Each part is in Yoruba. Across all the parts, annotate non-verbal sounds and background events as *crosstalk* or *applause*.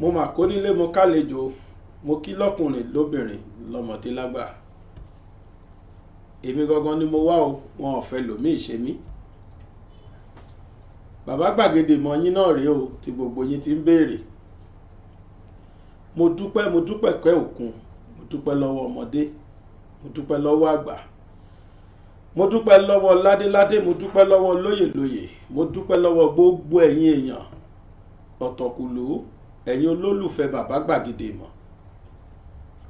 mo mà kó nílé mo kálejò mo kí lọ́kùnrin lóbìnrin lọ́mọdé lágbà èmi gangan ni mo wá o wọn ò fẹ́ lòmíì ṣe mí bàbá gbàgede mọ yín náà rèé o tí gbogbo yín ti ń béèrè mo dúpẹ́ mo dúpẹ́ pẹ́ òkun mo dúpẹ́ lọ́wọ́ ọmọdé mo dúpẹ́ lọ́wọ́ àgbà mo dúpẹ́ lọ́wọ́ ládéládé mo dúpẹ́ lọ́wọ́ lóyèlóyè mo dúpẹ́ lọ́wọ́ gbogbo ẹ̀yin èèyàn ọ̀tọ̀kùlú ẹ̀yin olólùfẹ́ bàbá gbàgede ìmọ̀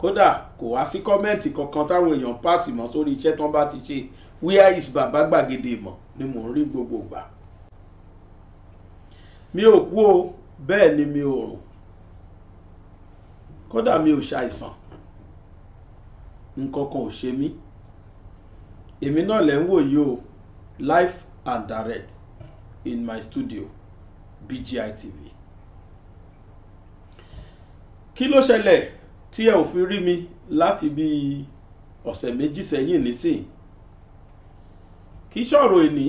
kódà kò wá sí kọ́mẹ́ǹtì kankan táwọn èèyàn páàsì mọ́ sórí iṣẹ́ tán bá ti ṣe where is bàbá gbàgede ìmọ̀ ni mò ń rí gbogbo gbà mi ò kú o bẹ́ẹ̀ ni mi ò rùn kódà mi ò ṣàìsàn nǹkan kan ò ṣe mí èmi náà lẹ́ ń wò yìí o live and direct in my studio BGI TV kí ló ṣẹlẹ̀ tí ẹ ò fi rí mi láti bí ọ̀sẹ̀ méjì sẹ́yìn nísìn kì í ṣọ̀rọ̀ èní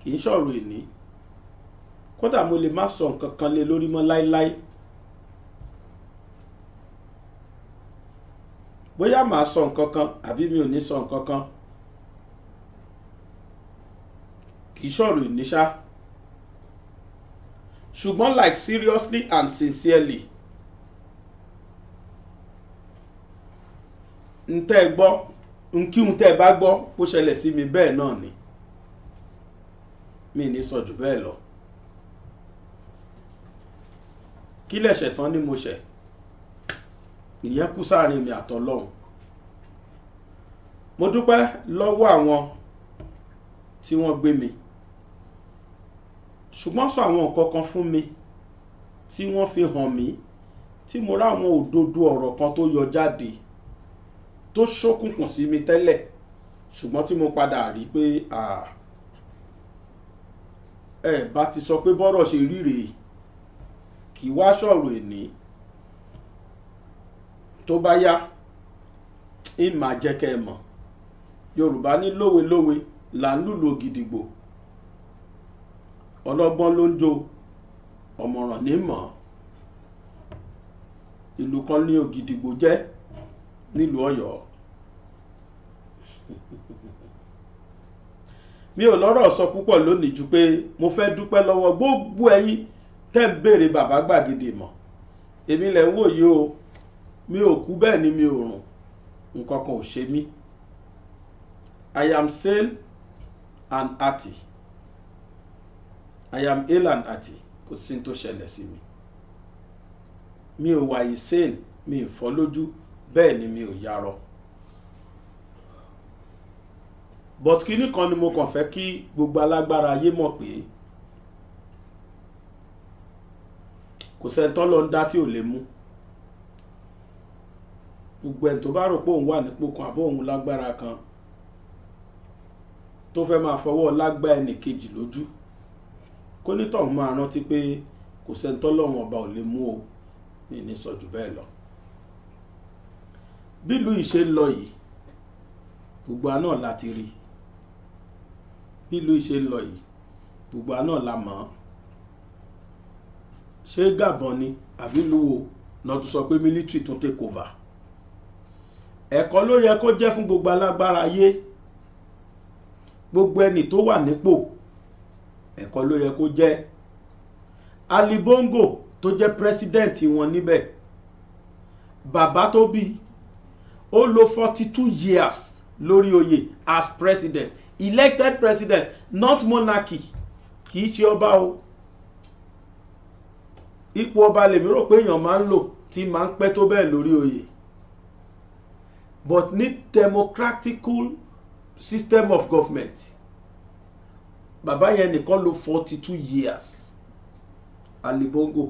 kì í ṣọ̀rọ̀ èní kódà mo lè má sọ nǹkan kan lé lórí mọ́ láíláí bóyá màá sọ nǹkan kan àbí mi ò ní sọ nǹkan kan kì í ṣọ̀rọ̀ èní ṣáá ṣùgbọ́n like seriously and sincerely n tẹ́ ẹ gbọ́ n kí n tẹ́ ẹ bá gbọ́ bó ṣẹlẹ̀ sí mi bẹ́ẹ̀ náà ni mi ní sọ jù bẹ́ẹ̀ lọ kí lẹ̀ṣẹ̀ tán ni mo ṣẹ̀ ìyẹn kú sáàrin mi àtọlọ́hun mo dúpẹ́ lọ́wọ́ àwọn tí wọ́n gbé mi ṣùgbọ́n sọ àwọn nǹkan kan fún mi tí wọ́n fi hàn mí tí mo ráwọn òdodo ọ̀rọ̀ kan tó yọ jáde tó ṣókùnkùn sí mi tẹ́lẹ̀ ṣùgbọ́n tí mo padà rí pé ẹ bá ti sọ pé bọ́rọ̀ ṣe rí rèé kì í wá sọ̀rọ̀ ẹ̀ní tó bá yá ń máa mọ̀ Yorùbá ní lówe lówe là ń lùlù ògìdìgbò ọlọ́gbọ́n ló ń jó ọ̀mọ̀ràn ní mọ̀ ìlú kan ní Ògìdìgbò jẹ́ nílùú Ọ̀yọ́ mi ò lọ́rọ̀ sọ púpọ̀ lónìí ju pé mo fẹ́ dúpẹ́ lọ́wọ́ gbogbo ẹ̀yin tẹ́ ń béèrè bàbá gbàgede mọ̀ èmi lẹ̀ ń wòye o mi ò kú bẹ́ẹ̀ ni mi ò rùn nǹkan kan ò ṣe mí I am sane and hearty. I am Alan Ati. hearty kò sí tó ṣẹlẹ̀ sí mi mi ò wà insane mi ò fọ́ lójú bẹ́ẹ̀ ni mi ò yarọ but kíní kan ni mo kàn fẹ́ kí gbogbo alágbára ayé mọ̀ pé kò sẹ́ńtọ́ lọ ń dá tí ò lè mú gbogbo ẹni tó bá rò pé òun wà nípò kan àbó òun lágbára kan tó fẹ́ máa fọwọ́ lágbá ẹnì lójú kó nítọ̀hún máa rántí pé kò sẹ́ni tọ́lọ́run ọba ò lè mú o ní ní sọ jù bẹ́ẹ̀ lọ bílùú ìṣe ń lọ yìí gbogbo àná láti rí bílùú ìṣe ń lọ yìí gbogbo àná la mọ̀ ọ́ ṣé Gabon ni àbí lúwo náà tún sọ pé military tún take over ẹ̀kọ́ ló yẹ kó jẹ́ fún gbogbo alágbára ayé gbogbo ẹni tó wà nípò ẹ̀kọ́ ló yẹ kó jẹ́ Ali Bongo tó jẹ́ president wọn níbẹ̀ bàbá tó bí ó lò forty two years lórí oyè as president elected president not monarchy kì í ṣe ọba o ipò ọba lèmi rò pé èèyàn máa ń lò tí máa ń pẹ́ tó bẹ́ẹ̀ lórí oyè but ní democratical system of government bàbá yẹn nìkan lò forty two years Ali Bongo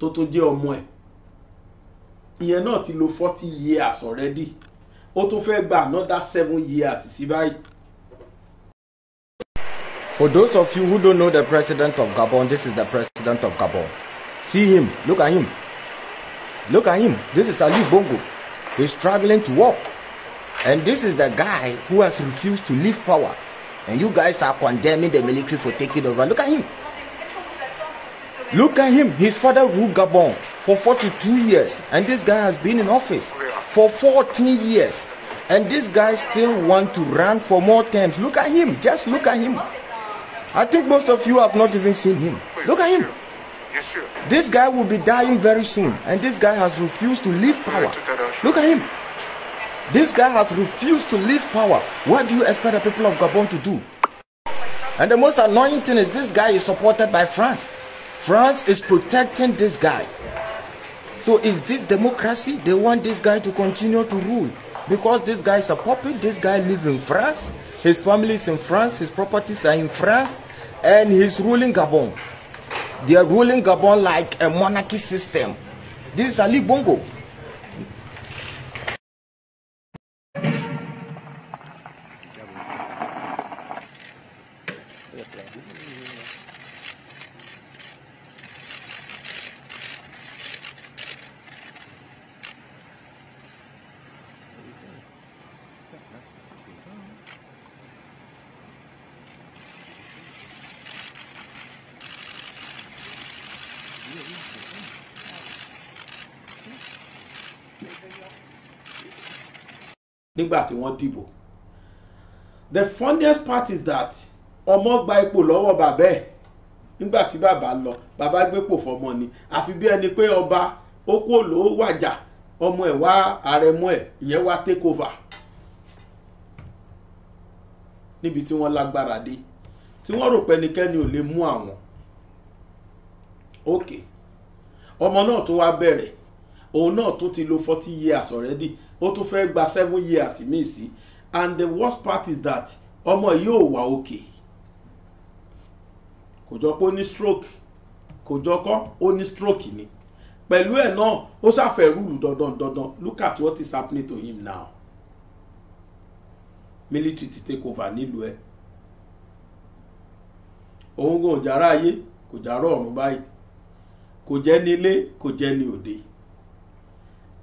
tó tó jẹ́ ọmọ ẹ̀ ìyẹn náà ti lò forty years already ó tún fẹ́ gba another seven years sí báyìí. For those of you who don't know the president of Gabon, this is the president of Gabon. See him, look at him. Look at him. This is Ali Bongo. He's struggling to walk. And this is the guy who has refused to leave power. And you guys are condemning the military for taking over. Look at him. Look at him. His father ruled Gabon for 42 years. And this guy has been in office for 14 years. And this guy still want to run for more terms. Look at him. Just look at him. I think most of you have not even seen him. Look at him. This guy will be dying very soon. And this guy has refused to leave power. Look at him. This guy has refused to leave power. What do you expect the people of Gabon to do? And the most annoying thing is this guy is supported by France. France is protecting this guy. So is this democracy? They want this guy to continue to rule. Because this guy is a puppet, this guy lives in France, his family is in France, his properties are in France, and he's ruling Gabon. They are ruling Gabon like a monarchy system. This is Ali Bongo. nígbà tí wọ́n dìbò the funniest part is that ọmọ gba ipò lọ́wọ́ bàbá ẹ̀ nígbà tí bàbá lọ bàbá gbépò fọmọ ni àfi bí ẹni pé ọba ó kó ló wàjà ọmọ ẹ̀ wá àrẹ̀mọ ẹ̀ ìyẹn wá take over níbi tí wọ́n lágbára dé tí wọ́n rò pẹ́nikẹ́ni ò lè mú àwọn ok ọmọ náà tún wá bẹ̀rẹ̀ òun náà tún ti lo forty years already ó tún fẹ́ gba seven years míì sí and the worst part is that ọmọ yìí ò wà òkè kò jọ pé ó ní stroke kò jọ kọ́ ó ní stroke ni pẹ̀lú ẹ̀ náà ó ṣàfẹ́ rúlù dandan dandan look at what is happening to him now military ti take over nílùú ẹ̀ òun gan ò jára ayé kò járọ̀ ọ̀run báyìí kò jẹ́ ní ilé kò jẹ́ ní òde.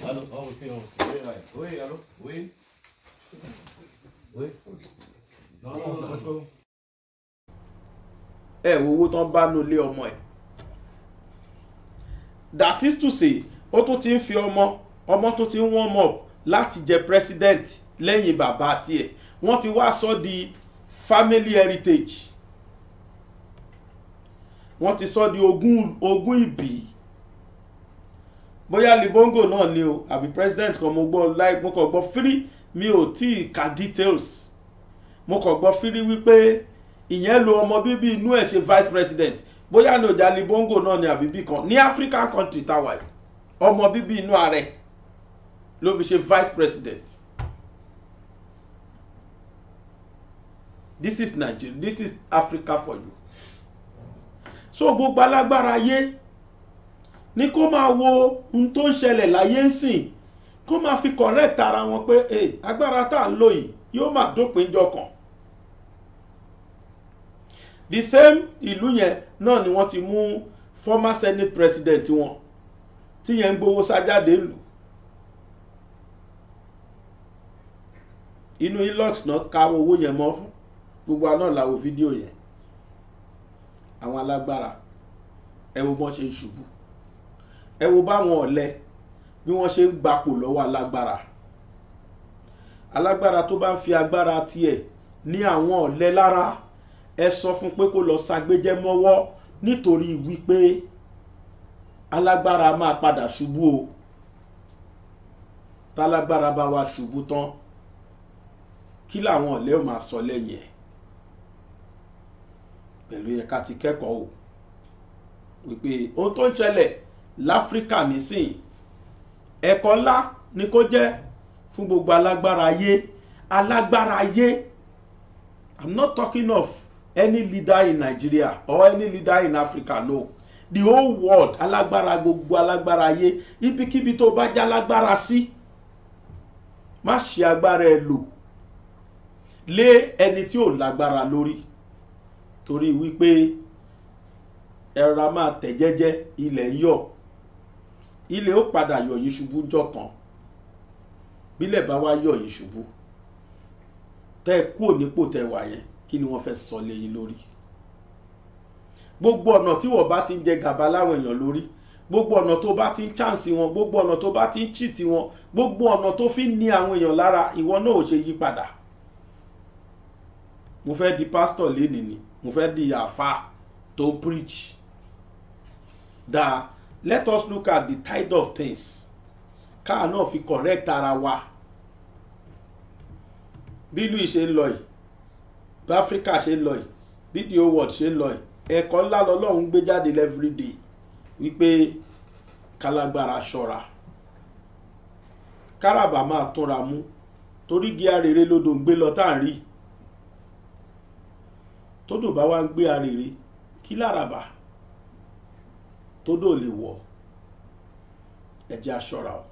Allô, on refait, on refait. Oui, allô, oui. Oui. Non, non, ça passe pas bon. ẹ wo owó tán bá nulẹ̀ ọmọ ẹ̀ that is to say ó tún ti ń fi ọmọ ọmọ tó ti warm up láti jẹ president lẹ́yìn bàbá tiẹ̀ wọ́n ti wá sọ di family heritage wọ́n ti sọ di ogún ogún ìbí bóyá libongo náà ni o àbí president kan mo gbọ́ láì mo kàn gbọ́ fírí mi ò tí ì ka details mo kàn gbọ́ fírí wípé ìyẹn lo ọmọ bíbí inú ẹ̀ ṣe vice president bóyá ní ọjà libongo náà ni àbíbí kan ní african country tàwa yìí ọmọ bíbí inú ààrẹ ló fi ṣe vice president this is Nigeria this is Africa for you so gbogbo alágbára yé ní kó máa wo ohun tó ń ṣẹlẹ̀ láyé ń sìn kó máa fi correct ara wọn pé hey, agbára tá à ń lò yìí yóò máa dópin jọ kàn the same ìlú yẹn náà ni wọ́n ti mú former senate president wọn tí yẹn ń gbowó sájáde lù inú ilox náà ka owó yẹn mọ́ fún gbogbo àná làwọn fídíò yẹn àwọn alágbára ẹ wo bọ́n ṣe ṣubú ẹ wo báwọn ọ̀lẹ bí wọ́n ṣe ń gbapò lọ́wọ́ alágbára alágbára tó bá ń fi agbára tiẹ̀ ní àwọn ọ̀lẹ lára ẹ sọ fún pé kó lọ ṣàgbéjẹ́ mọ́wọ́ nítorí wípé alágbára máa padà ṣubú o tálágbára bá wa ṣubú tán kí làwọn ọ̀lẹ́ ò máa sọ lẹ́yìn ẹ̀ pẹ̀lú yẹ ká ti kẹ́kọ̀ọ́ o wípé ohun tó ń ṣẹlẹ̀ láfíríkà nísìn ẹ̀kọ́ ńlá ni kó jẹ́ fún gbogbo alágbára ayé alágbára ayé i'm not talking of any leader in Nigeria or any leader in Africa no the whole world alágbára gbogbo alágbára ayé ibikíbi tó bá já lágbára sí má ṣe agbára ẹ lò lé ẹni tí ò lágbára lórí torí wípé ẹ̀rọ máa tẹ̀ jẹ́jẹ́ ilẹ̀ ń yọ̀ ilẹ̀ ó padà yọ̀ yín ṣubú jọ kan bílẹ̀ bá wá yọ̀ yín ṣubú tẹ́ ẹ kúrò nípò tẹ́ wà yẹn kí ni wọ́n fẹ́ sọ lé yín lórí gbogbo ọ̀nà tí wọ́n bá ti ń jẹ gàba láwọn èèyàn lórí gbogbo ọ̀nà tó bá ti ń chance wọn gbogbo ọ̀nà tó bá ti ń cheat wọn gbogbo ọ̀nà tó fi ń ní àwọn èèyàn lára ìwọ náà ò ṣe yí padà mo fẹ́ di pastor lénìí ni mo fẹ́ di àáfàá tó preach dáa let us look at the tide of things káà náà fi correct ara wa bí louis ṣe ń lọ yìí bí africa ṣe ń lọ yìí bí the whole world ṣe ń lọ yìí ẹ̀kọ́ ńlá lọ́lọ́run gbé jáde everyday wípé kálágbára ṣọ́ra káràbà máa túnra mú torí gí arèrè lodò ń gbé lọ tá à ń rí tódò bá wá ń gbé arèrè kí láràbà tó dò lè wọ̀ ẹ jẹ́ a ṣọ́ra o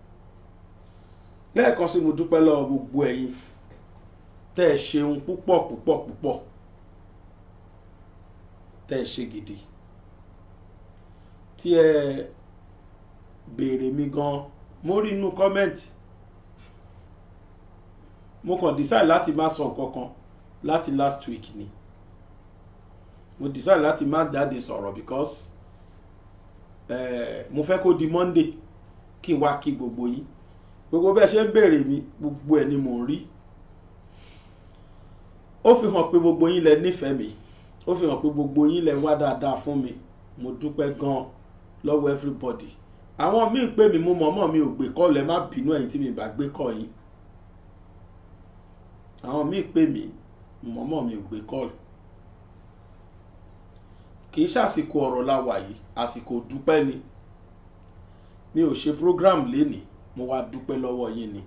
lẹ́ẹ̀kan sí mo dúpẹ́ lọ́wọ́ gbogbo ẹ̀yin tẹ́ ẹ ṣeun púpọ̀ púpọ̀ púpọ̀ tẹ́ ẹ ṣe gidi tí ẹ béèrè mi gan mo rí inú kọ́mẹ́ǹtì mo kàn decide láti má sọ nǹkan kan láti last week ni mo decide láti má jáde sọ̀rọ̀ because Eh, mo fẹ́ kó di monday kí n wá kí gbogbo yín gbogbo bẹ́ẹ̀ ṣe ń béèrè mi gbogbo ẹ̀ ni mò ń rí ó fi hàn pé gbogbo yín lẹ nífẹ̀ẹ́ mi ó fi hàn pé gbogbo yín lẹ wá dáadáa fún mi mo dúpẹ́ gan lọ́wọ́ everybody àwọn míì pè mí mo mọ̀ọ́mọ̀ mi ò gbé kọ́ọ̀lù ẹ má bínú ẹ̀yin tí mi bá gbé kọ́ yín àwọn míì pè mí mọ̀ọ́mọ̀ mi ò gbé kọ́ọ̀lù kì í ṣàsìkò ọ̀rọ̀ la wà yìí àsìkò dúpẹ́ ni mi ò ṣe program lénìí mo wá dúpẹ́ lọ́wọ́ yín ni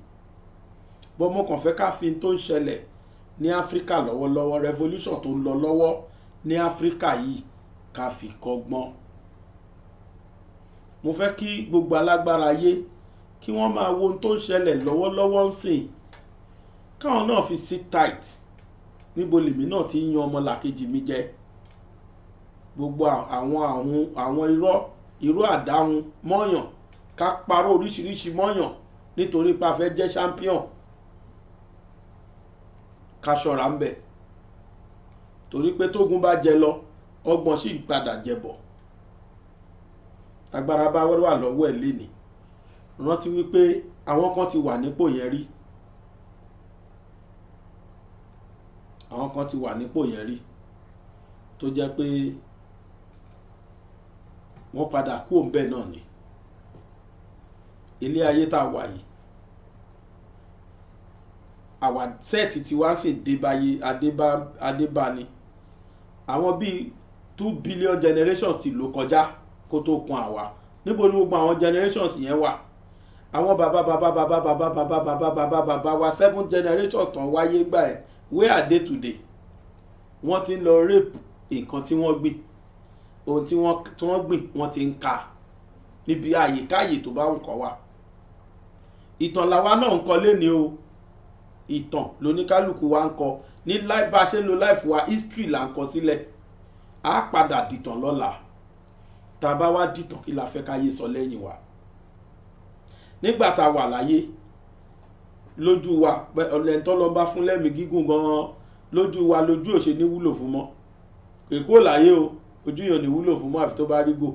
bọ́ mo kàn fẹ́ ká fi tó ń ṣẹlẹ̀ ní áfíríkà lọ́wọ́lọ́wọ́ revolution tó ń lọ lọ́wọ́ ní áfíríkà yìí ká fi kọ́gbọ́n mo fẹ́ kí gbogbo alágbára ayé kí wọ́n máa wo ohun tó ń ṣẹlẹ̀ lọ́wọ́lọ́wọ́ ń sìn káwọn náà fi sit tight níbo lèmi náà ti ń yan ọmọlàkejì mi jẹ́ gbogbo àwọn àwọn àwọn irọ́ irú àdáhùn mọ́yàn ká parọ́ oríṣiríṣi mọ́yàn nítorí pa fẹ́ jẹ́ champion ká ṣọ́ra ń bẹ̀ torí pé tógun bá jẹ lọ ọgbọ́n sì padà jẹbọ̀ agbára bá wà lọ́wọ́ ẹ̀ lénìí rántí wípé àwọn kan ti wà nípò yẹn rí àwọn kan ti wà nípò yẹn rí tó jẹ́ pé wọ́n padà kú òun bẹ́ẹ̀ náà ni ilé ayé tá a wà yìí àwa sẹ́ẹ̀tì tí wá sì débáyé adébáni àwọn bíi two billion generations ti lò kọjá kó tó kun àwa níbo ni gbogbo àwọn generations yẹn wà àwọn bàbá bàbá bàbá bàbá bàbá bàbá bàbá bàbá wa seven generations tán wáyé gbà ẹ̀ where are they today wọ́n ti ń lọ rape nǹkan tí wọ́n gbìn ohun tí wọ́n gbìn wọ́n ti ń ka níbi àyíkáyè tó bá nǹkan wà ìtàn làwa náà ń kọ léni o ìtàn lóníkálukú wa ń kọ ní bá a ṣe ń lo láìfù wa history là ń kọ sílẹ̀ á padà dìtàn lọ́la tá a bá wá dìtàn kí la fẹ́ káyé sọ lẹ́yìn wa nígbà tá a wà láyé lójú wa ọ̀lẹ́ntọ́lọ́ba fún lẹ́mìí gígùn gan-an lójú wa lójú òṣè ní wúlò fún mọ́ kò kó láyé o ojú yẹn ò ní wúlò fún mọ́ àfi tó bá rí gò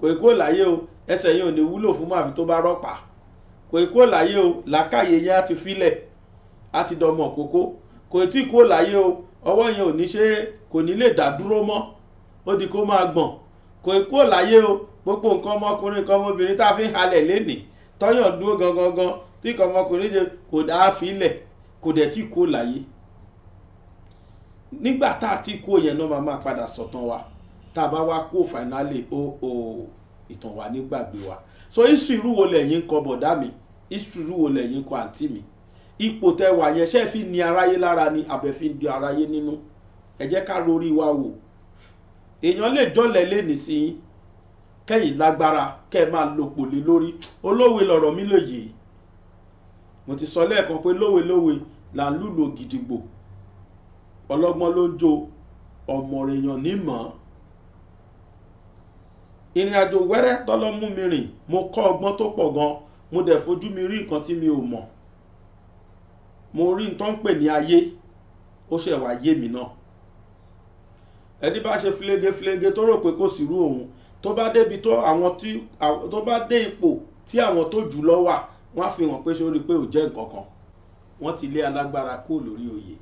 kò ikú ò láyé o ẹsẹ̀ yẹn ò ní wúlò fún mọ́ àfi tó bá rọ́pà kò ikú ò láyé o làákàyè yẹn á ti filẹ̀ á ti dọmọ kókó kò tí ikú ò láyé o ọwọ́ yẹn ò ní ṣe kò ní lè dá dúró mọ́ ó di kó máa gbọ̀n kò ikú ò láyé o gbogbo nǹkan ọmọkùnrin nǹkan ọmọbìnrin tá a fi ń halẹ̀ lénìí tọ́yàn dúró gangan gan tí nǹkan ọmọkùnrin ṣe kò dáa filẹ̀ kò dẹ̀ tí kú ò láyé nígbà tá a ti kú yẹn náà máa máa padà sọ̀tàn wa tá a bá wá kó fainálì o o ìtàn wa nígbàgbé wa so history irúwo lẹ́yìn kọ bọ̀dá mi history irúwo lẹ́yìn kọ àǹtí mi ipò tẹwà yẹn ṣe fi ni aráyé lára ni àbẹ̀ fi di aráyé nínú ẹ jẹ́ ká rorí wa wò èèyàn lè jọlẹ̀ lé nísìnyí kẹ́yìn lágbára kẹ́ ẹ máa lo pòlè lórí olówe lọ̀rọ̀ mi lòye mo ti sọ lẹ́ẹ̀kan pé lówe lówe là ń lùlò gidigbo ọlọ́gbọ́n ló ń jó ọmọ rèèyàn nímọ̀ọ́ ìrìn àjò wẹ́rẹ́ tọ́lọ́ mú mi rìn mo kọ́ ọgbọ́n tó pọ̀ gan mo dẹ̀ fojú mi rí nǹkan tí mi ò mọ̀ mo rí nǹkan pè ní ayé ó ṣe wá yé mi náà ẹni bá ṣe filegefilege tó rò pé kò sí irú òun tó bá débi tó àwọn tí tó bá dé ipò tí àwọn tó jù lọ wà wọ́n á fi hàn pé sórí pé ò jẹ́ nǹkan kan wọ́n ti lé alágbára kó lórí oyè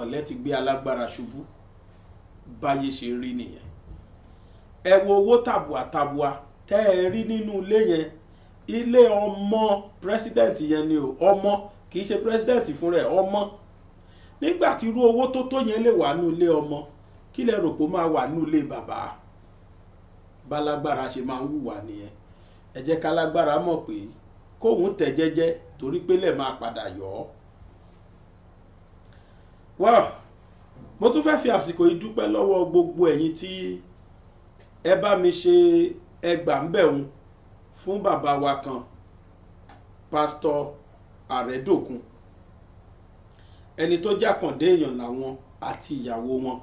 ọ̀lẹ́ ti gbé alágbára ṣubú báyé ṣe rí nìyẹn ẹ wo owó tàbùà tàbùà tẹ́ ẹ rí nínú ilé yẹn ilé ọmọ president yẹn ni o ọmọ kì í ṣe president fún rẹ̀ ọmọ nígbà tí irú owó tó tó yẹn lè wà nínú ilé ọmọ kí lẹ rò pé ó máa wà nínú ilé bàbá bálágbára ṣe máa ń hùwà nìyẹn ẹ jẹ́ kálágbára mọ̀ pé kóun tẹ̀ jẹ́jẹ́ torí pé lè máa padà yọ ọ́. wá mo tún fẹ́ fi àsìkò yìí dúpẹ́ lọ́wọ́ gbogbo ẹ̀yin tí. Tí ẹ bá mi ṣe ẹgbàmbẹ̀hún fún bàbá wa kan pásítọ̀ àrẹ́dòkun ẹni tó jàkàndé èèyàn làwọn àti ìyàwó wọn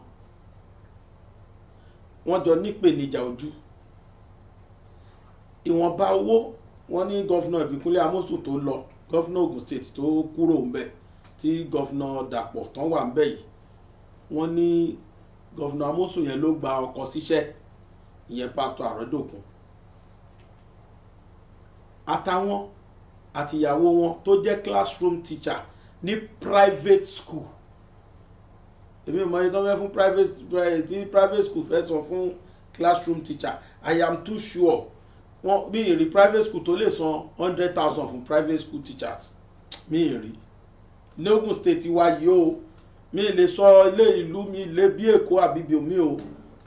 wọ́n jọ nípèníjà ojú ìwọ̀nba owó wọ́n ní gọ́fúnà ìbíkúnlẹ̀ amósùn tó lọ gọ́fúnà Ògùn state tó kúrò ńbẹ̀ tí gọ́fúnà Dàpọ̀ tán wà ńbẹ̀ yìí wọ́n ní gọ́fúnà amósùn yẹn ló gba ọkọ̀ síṣẹ́ ìyẹn pásítọ̀ àrọ́dòkun àtàwọn àtìyàwó wọn tó jẹ́ classroom teacher ní private school èmi mọ ẹni tó fẹ́ fún private eh, tí private school fẹ́ sọ fún classroom teacher i am too sure wọn mi ì rí private school tó lè san hundred thousand fún private school teachers mi ì rí ní Ògùn state wa yìí o mi lè sọ ilé ìlú mi lè bí Èkó àbíbí mi o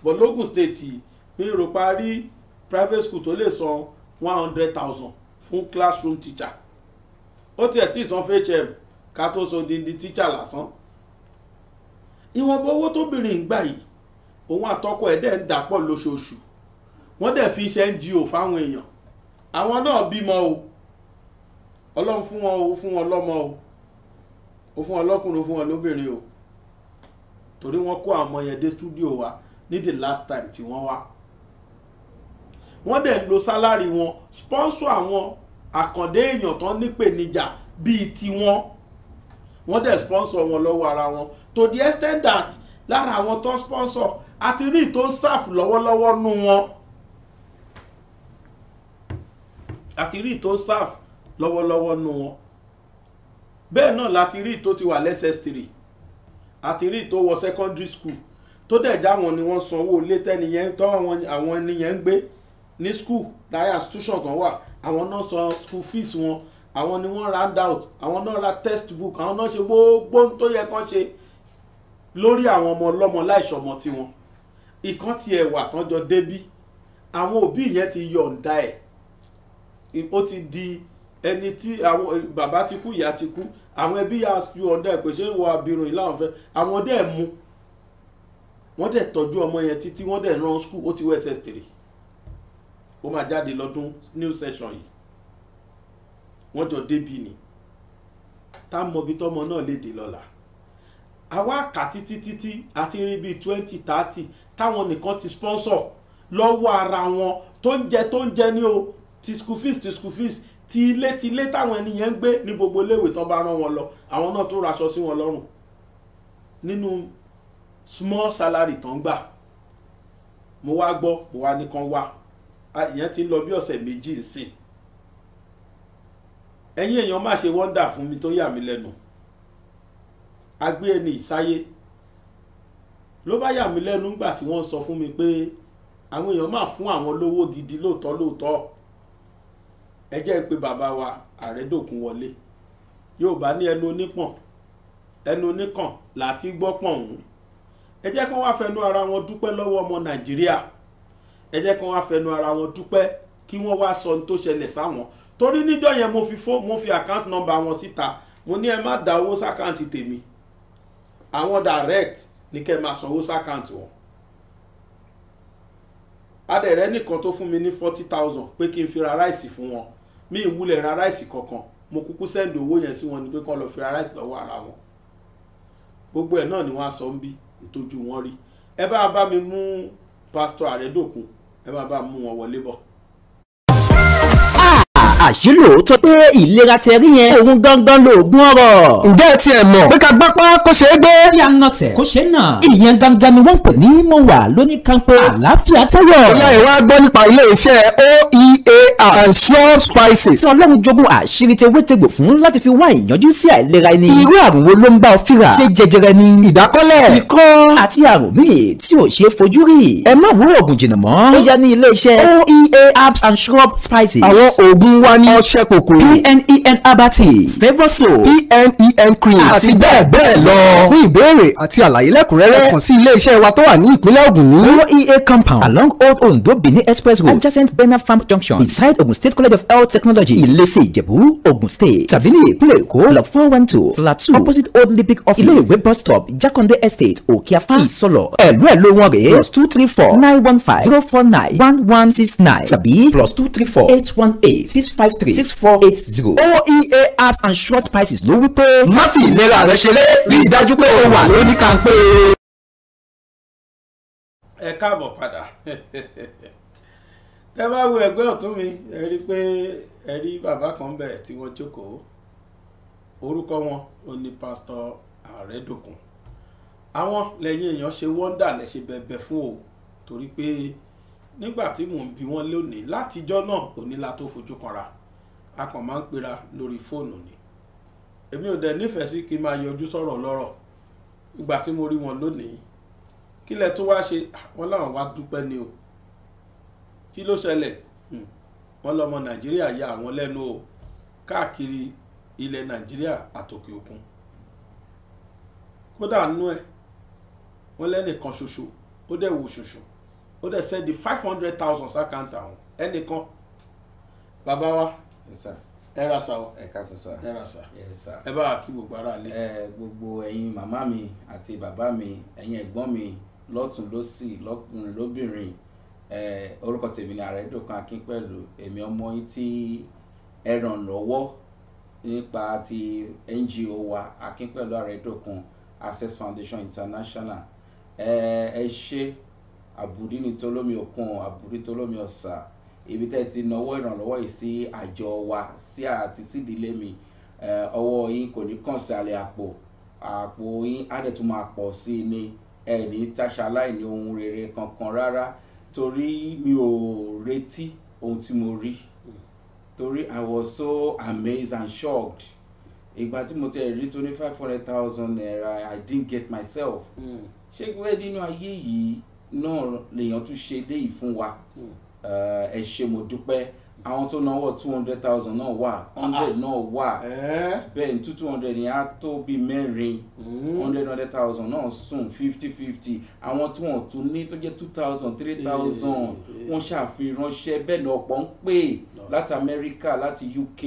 but lógùn state yìí mi rò parí private school tó lè san one hundred thousand fún classroom teacher ó tiẹ̀ tí ì san fhm ká tó so dindi teacher lásán ìwọ̀nba owó tóbìnrin ń gbà yìí òun àtọkọ ẹ̀ dẹ̀ ń dàpọ̀ lóṣooṣù wọ́n dẹ̀ fi iṣẹ́ ń di ò fáwọn èèyàn àwọn náà bímọ o ọlọ́run fún wọn o fún wọn lọ́mọ o ó fún wọn lọ́kùnrin ó fún wọn lóbìnrin o torí wọ́n kó àwọn ọmọ yẹn dé stúdíò wa ní the last time tí wọ́n wá wọ́n dẹ̀ ń lo sálárì wọn sponsor àwọn àkàndé èèyàn tán nípèníjà bíi tiwọn wọ́n dẹ̀ sponsor wọn lọ́wọ́ ara wọn to the extent that lára àwọn tó sponsor àti rí tó ń sáf lọ́wọ́lọ́wọ́ nú wọn àti rí tó ń sáf lọ́wọ́lọ́wọ́ nú wọn bẹ́ẹ̀ náà láti rí tó ti wà lẹ́sẹ̀sìtìrì àti rí tó wọ secondary school tó dẹ̀ já wọn ni wọ́n sanwó ilé tẹ́niyẹn tọ́ àwọn ènìyàn ń gbé ní school láyà institution kan wà àwọn náà san school fees wọn àwọn ni wọ́n round out àwọn náà ra textbook àwọn náà ṣe gbogbo ohun tó yẹ kán ṣe lórí àwọn ọmọ ọlọ́mọ láìsọmọ tiwọn ìkan ti ẹ̀wà tán jọ débí àwọn òbí yẹn ti yọ̀ǹda ẹ̀ ó ti di ẹni tí àwọn bàbá ti kú ìyá ti kú àwọn ẹbí yà yọ̀ǹda ẹ̀ pé ṣé wọ abirùn yìí láwọn fẹ́ àwọn dẹ̀ mú wọ́n dẹ̀ tọ́jú ọmọ yẹn títí wọ́n dẹ̀ rán school ó ti wọ ss three ó máa jáde lọ́dún new session yìí wọ́n jọ débi ni tá a mọ ibi tọ́mọ náà lè dé lọ́la àwa kà títí títí àti rí bíi twenty thirty táwọn nìkan ti sponsor lọ́wọ́ ara wọn tó ń jẹ tó ń jẹ ní o ti school fees ti school fees ti ilé ti ilé táwọn ènìyàn ń gbé ní gbogbo iléèwé tó bá rán wọn lọ àwọn náà tún raṣọ sí wọn lọ́rùn nínú small salary tó ń gbà mo wá gbọ́ mo wá ní wá ìyẹn ti ń lọ bí ọ̀sẹ̀ méjì nsìn ẹ̀yin èèyàn má ṣe wọ́ndà fún mi tó yà mí lẹ́nu a gbé ẹni ìsáyé ló bá yà mí lẹ́nu nígbà tí wọ́n sọ fún mi pé àwọn èèyàn máa fún àwọn lówó gidi lóòótọ́ lóòótọ́ ẹ jẹ́ pé bàbá wa ààrẹ dòkun wọlé yóò bá ní ẹnu onípọ̀n ẹnu oníkàn láti gbọ́ pọ̀n òun ẹ jẹ́ kí wọ́n wá fẹnu ara wọn dúpẹ́ lọ́wọ́ ọmọ nàìjíríà ẹ jẹ́ kán wá fẹnu ara wọn dúpẹ́ kí wọ́n wá sọ ohun tó ṣẹlẹ̀ sáwọn torí níjọ́ yẹn mo fi fó mo fi account number wọn síta mo ní ẹ má da owó sákàǹtì tèmi àwọn direct ní kẹ́ máa sanwó sákàǹtì wọn adẹ̀rẹ́ nìkan tó fún mi ní forty thousand pé kí n fi ra ráìsì fún wọn mi ìwúlẹ̀ ra ráìsì kankan mo kúkú sẹ́ndì owó yẹn sí wọn ni pé kán lọ fi ra ráìsì lọ́wọ́ ara wọn gbogbo ẹ̀ náà ni wọ́n á sọ ń bí ìtọ́jú wọn rí ẹ bá bá mi mú pásítọ̀ àrẹ́dòkun ẹ máa bá mú wọn wọlé bọ̀ ah, àṣì lóòótọ́ pé ìlera tẹ̀rí yẹn òun gangan lóògùn ọ̀rọ̀. ǹjẹ́ ti ẹ̀ mọ̀ pé ká gbọ́pá kó ṣe é gbé. bí a nọ sẹ̀ kó ṣe é nà. ìyẹn gangan ni wọ́n pè ní mo wà lóní kan pé àlàáfíà tẹ́yọ̀. ọ̀la ìwà gbọ́ nípa ilé iṣẹ́ oe and sure spices. tí ọlọ́run jogún àṣírí tewétegbò fún láti fi wá ìyanjú sí àìlera ẹni. irú àrùn wo ló ń bá ọ fíra. ṣé jẹjẹrẹ ni. ìdákọ́lẹ̀. ikọ́ àti àrùn míì tí ò ṣeé fojú rí. ẹ má wú oògùn jìnnà mọ́. ó yá ní ilé iṣẹ́ oea herbs and shrub spices. àwọn oògùn wa ní ọṣẹ kòkòrò. pnen herbal favour soap. pnen e cream àti bẹ́ẹ̀ bẹ́ẹ̀ lọ. fún ìbéèrè àti àlàyé lẹ́kùnrẹ́rẹ́ kàn sí ilé iṣẹ́ wa tó wà ní ìpínlẹ̀ Ògùn ní. oea compound along old Ondo Benin express road adjacent Bena farm junction beside Ogun State College of Health Technology Ilese Ìjẹ̀bú Ogun State tàbí ní ìpínlẹ̀ Èkó block four one two flat two opposite old Olympic office ilé ìwé bus stop Jakonde estate Òkèàfà Ìsọlọ̀ ẹ̀lú ẹ̀ ló wọ́n rèé plus two three four nine one five zero four nine one one six nine tàbí plus two three four eight one eight six five three six four eight zero oea apps and short prices ló wí pé má fi ìlera rẹ ṣeré rí i dájú pé o wà lórí kàńpé. ẹ káàbọ̀ padà *laughs* tẹ́ bá wo ẹ̀gbẹ́ ọ̀tún mi ẹ rí pé ẹ rí bàbá kan bẹ̀ tí wọ́n jókòó orúkọ wọn ò ní pásítọ̀ àrẹ́dòkun àwọn lẹ́yìn èèyàn ṣe wọ́ndà lẹ́ ṣe bẹ̀bẹ̀ fún o torí pé nígbà tí mò ń bi wọ́n lónìí látijọ́ náà onílà tó fojú kanra a kàn máa ń pera lórí fóònù ni èmi ò dẹ̀ nífẹ̀ẹ́ sí kí n máa yọjú sọ̀rọ̀ lọ́rọ̀ ìgbà tí mo rí wọn lónìí kí lẹ tó wá ṣe wọn láwọn wá dúpẹ́ ni o kí ló ṣẹlẹ̀ wọ́n lọ́mọ nàìjíríà ya àwọn lẹ́nu o káàkiri ilẹ̀ nàìjíríà àtòkè òkun kódà nú ẹ̀ wọ́n lẹ́nìkan ṣoṣo ó dẹ̀ wò ṣoṣo ó dẹ̀ sẹ́ndì five hundred thousand account àwọn ẹnìkan bàbá wa ẹ ra sa o ẹ ká sọ sa ẹ ra sa ẹ bá kí gbogbo ara lé. ẹ gbogbo ẹ̀yin màmá mi àti bàbá mi ẹ̀yin ẹ̀gbọ́n mi lọ́tún lọ́sì lọ́kùnrin lóbìnrin orúkọ tèmi ni Àrẹ̀dọ̀kan Akínpẹ̀lú èmi ọmọ yín tí ẹ ràn lọ́wọ́ nípa ti NGO wa Akínpẹ̀lú Àrẹ̀dọ̀kan Access Foundation International ẹ ṣe àbùdí ní tolómi òkun àbùdí tolómi ọ̀sà ibi tẹ́ ti náwó ìrànlọ́wọ́ yìí sí àjọ wa sí àti sídìílé mi ọwọ́ yín kò ní kàn sí alẹ́ àpò àpò yín á dẹ̀ tún máa pọ̀ sí ni ẹ ní táṣà láì ní ohun rere kankan rárá torí mi ò retí ohun tí mo rí torí I was so amazed and shocked ìgbà tí mo ti rí tó ní five hundred thousand naira I didn't get myself hmm. ṣé gbé nínú ayé yìí náà lèèyàn tún ṣe léyìí fún wa hmm. ẹ ṣé mo dúpẹ́ àwọn tó náwó two hundred thousand náà wà hundred ah. náà wà eh? bẹ́ẹ̀ ní two hundred yẹn á tó bíi mẹ́rin hmm. hundred hundred thousand náà sùn fifty fifty àwọn tí wọ́n tún ní tó jẹ́ two thousand three thousand eh, eh. wọ́n ṣàfiránṣẹ́ bẹ́ẹ̀ ni ọ̀pọ̀ ń pè láti Amẹ́ríkà láti UK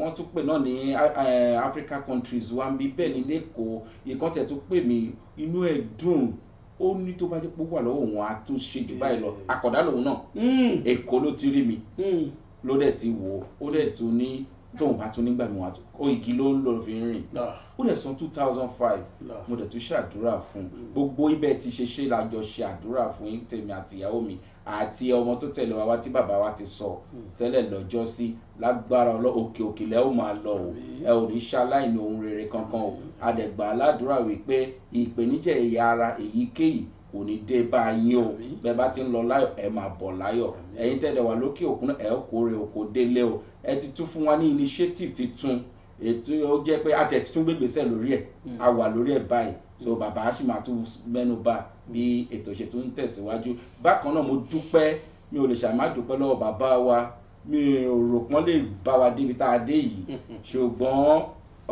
wọ́n tún pè náà ní Africa countries wa ń bí bẹ́ẹ̀ ní lẹ́kọ̀ọ́ ìkọ́tẹ̀ tún pè mí inú ẹ̀ dùn ó ní tó bá jẹ́ pé ó wà lọ́wọ́ òun á tún ṣe jù báyìí lọ mm. akọ̀dá lòun náà mm. èkó ló ti rí mi mm. ló dẹ̀ ti wò ó dẹ̀ tún ní tóun bá tún nígbà mi wọn ó igi ló ń lọ fi rìn ah. ó dẹ̀ san two thousand five ah. mo dẹ̀ tún ṣàdúrà fún un gbogbo ibẹ̀ ti ṣe ṣe lájọ ṣe àdúrà fún tèmi àti ìyàwó mi àti ọmọ tó tẹ̀lé wa wá tí bàbá wa ti sọ hmm. tẹ́lẹ̀ lọ́jọ́ sí lágbára ọlọ́ òkè òkè lẹ́ ò máa lọ o ẹ ò ní ṣaláìní ohun rere kankan o adẹ̀gbà aládùúrà wípé ìpèníjà ẹ̀yà ara èyíkéyìí kò ní dé bá yín o bẹ́ẹ̀ bá ti ń lọ láyọ̀ ẹ máa bọ̀ láyọ̀ ẹ̀yin tẹ́lẹ̀ wà lókè òkun ẹ̀ kórè oko délé o ẹ ti tún fún wa ní initiative titun ètò ó jẹ́ pé a tẹ̀ ti gbégbèsè lórí ẹ̀ hmm. a wà lórí ẹ̀ báyìí so bàbá sì máa tún mẹ́nu bà bí ètò ṣe tún ń tẹ̀síwájú bákan náà mo dúpẹ́ mi ò lè ṣàmá dúpẹ́ lọ́wọ́ bàbá wa mi ò rò pọ́n lè bá wa débi tá a dé yìí *laughs* ṣùgbọ́n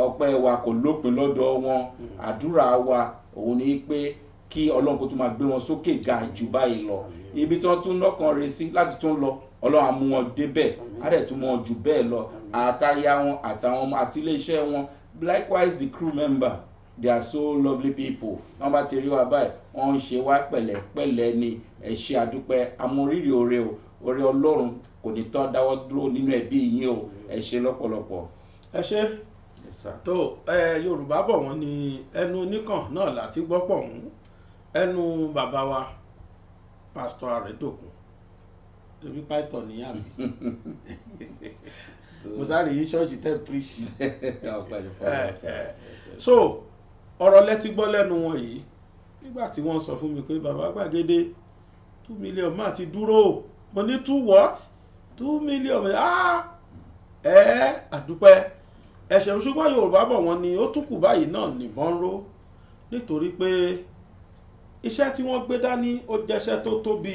ọpẹ́ wa kò lópin lọ́dọ̀ wọn àdúrà wa òun ni pé kí ọlọ́run kó tún máa gbé wọn sókè ga jù báyìí lọ ibi tí wọ́n tún lọ́kàn rẹ̀ sí láti tún lọ ọlọ́run á mú wọn débẹ̀ á tún mú jù bẹ́ẹ̀ lọ àtàyà wọn àtàwọn ọmọ àti wọn likewise the crew member they are so lovely people wọ́n bá ti rí wa báyìí wọ́n ń ṣe wá pẹ̀lẹ́pẹ̀lẹ́ ni ẹ ṣé àdúpẹ́ amórírì oore o oore ọlọ́run kò ní tán dáwọ́ dúró nínú ẹbí yín o ẹ ṣé lọ́pọ̀lọpọ̀. ẹ ṣé tó yorùbá bọ̀ wọ́n ní ẹnu oníkàn náà láti gbọ́ pọ̀ mú ẹnu bàbá wa pásítọ̀ àrẹ́dòkun ebi python ní àmì *laughs* mo sáré yí ṣọ́ọ̀ṣì tẹ́ píríṣì. *laughs* so ọ̀rọ̀ lẹ́tí gbọ́ lẹ́nu wọn yìí nígbà tí wọ́n sọ fún mi pé bàbá gbàgede two million máa ti dúró mo ní two what two million ah ẹ àdúpẹ́ ẹ̀ṣẹ̀ ṣùgbọ́n yorùbá bọ̀ wọ́n ni ó tún kù báyìí náà nìbọn ń ró nítorí pé iṣẹ́ tí wọ́n gbé dání ó jẹ́ iṣẹ́ tó tóbi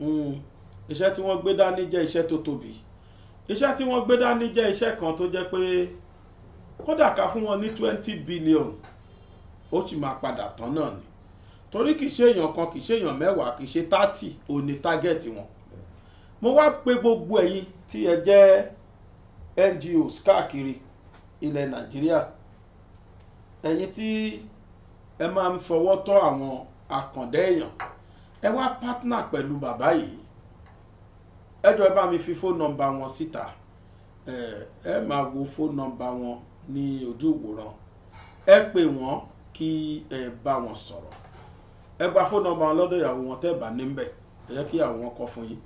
hmm, iṣẹ́ tí wọ́n gbé dání jẹ́ iṣẹ́ tó tóbi iṣẹ́ tí wọ́n gbé dání jẹ́ iṣẹ́ kan tó jẹ́ pé kódà ká fún wọn ní twenty billion ó sì máa padà tán náà ni torí kì í ṣe èèyàn kan kì í ṣe èèyàn mẹ́wàá kì í ṣe tátì òní tágẹ́ẹ̀tì wọn mo wá pè gbogbo ẹ̀yin tí ẹ jẹ́ NGOs káàkiri ilẹ̀ Nàìjíríà ẹ̀yin tí ẹ máa ń fọwọ́ tọ́ àwọn àkàndá èèyàn ẹ wá pátánà pẹ̀lú bàbá yìí ẹ jọ̀ọ́ ẹ bá mi fi fóònù nọ́mbà wọn síta ẹ máa wo fóònù nọ́mbà wọn ní ojú ìwòran ẹ pè wọ́n kí ẹ bá wọn sọ̀rọ̀ ẹ gba fóònù nọ́mbà wọn lọ́dọ̀ ìyàwó wọn tẹ́ bá níbẹ̀ ẹ jẹ́ kí ìyàwó wọn kọ fún yín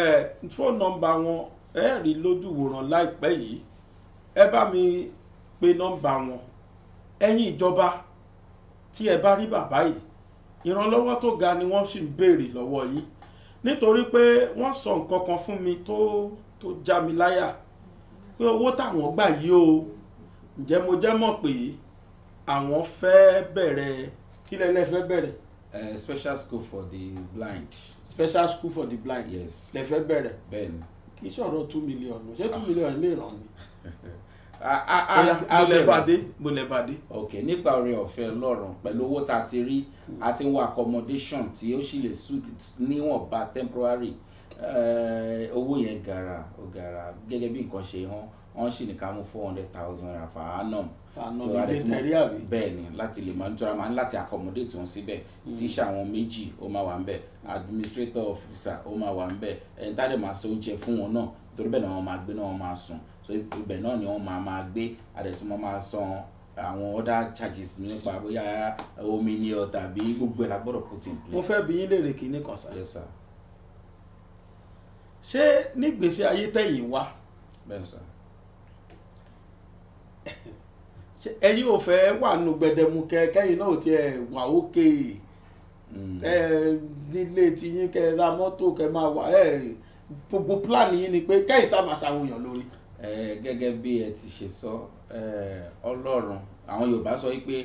ẹ fóònù nọ́mbà wọn ẹ rí lójú wòran láìpẹ́ yìí ẹ bá mi pe nọ́mbà wọn ẹ̀yin ìjọba tí ẹ bá rí bàbá yìí ìrànlọ́wọ́ tó ga ni wọ́n sì ń béèrè lọ́wọ́ yín nítorí pé wọ́n sọ nǹkan kan fún mi tó tó já mi láyà pé owó táwọn gbà yìí o ǹjẹ́ mo jẹ́ mọ̀ pé àwọn fẹ́ bẹ̀rẹ̀ kí lẹ́lẹ́ fẹ́ bẹ̀rẹ̀. special school for the blind. special school for the blind. yes lẹ fẹ́ bẹ̀rẹ̀. bẹ́ẹ̀ni. kì í ṣọ̀rọ̀ two million ṣé two million lè ràn ni. *laughs* mo lè bàdé mo lè bàdé. ok nípa oore ọ̀fẹ́ Ọlọ́run pẹ̀lú owó tá a ti rí a ti ń accommodation tí ó sì lè suit níwọ̀nba temporary owó yẹn gara ó gara gẹ́gẹ́ bí nǹkan ṣe hàn wọ́n sì ní ká mú four hundred thousand rafa, per bẹ́ẹ̀ ni láti lè máa nítorí máa ń láti accommodate wọn síbẹ̀ hmm. tíṣà àwọn méjì ó máa wà ń bẹ̀ administrator officer ó máa wà ń bẹ̀ ẹni tá a dẹ̀ máa ṣe oúnjẹ fún wọn náà torí bẹ́ẹ̀ náà wọ́n máa gbé náà wọ́n máa sùn so ibẹ̀ náà ni wọ́n máa máa gbé àdẹ̀tún máa máa san àwọn other charges nípa bóyá omi ni ọ tàbí gbogbo ẹ̀ la gbọ́dọ̀ put in place. mo fẹ́ bi yín léèrè kínní kan sá. yes sir. ṣé nígbèsí ayé tẹ̀yìn wá. bẹ́ẹ̀ sir. *laughs* ẹ̀yin ò fẹ́ wà nù gbẹdẹmukẹ kẹ́yìn náà tiẹ̀ wà ókè hmm. ẹ nílé tiyín kẹ ra mọ́tò kẹ máa wà ẹ gbogbo plan yín ni pé kẹ́yìn tá a máa ṣàwọn èèyàn lórí. gẹ́gẹ́ bí ẹ ti ṣe sọ ọlọ́run àwọn yorùbá sọ wípé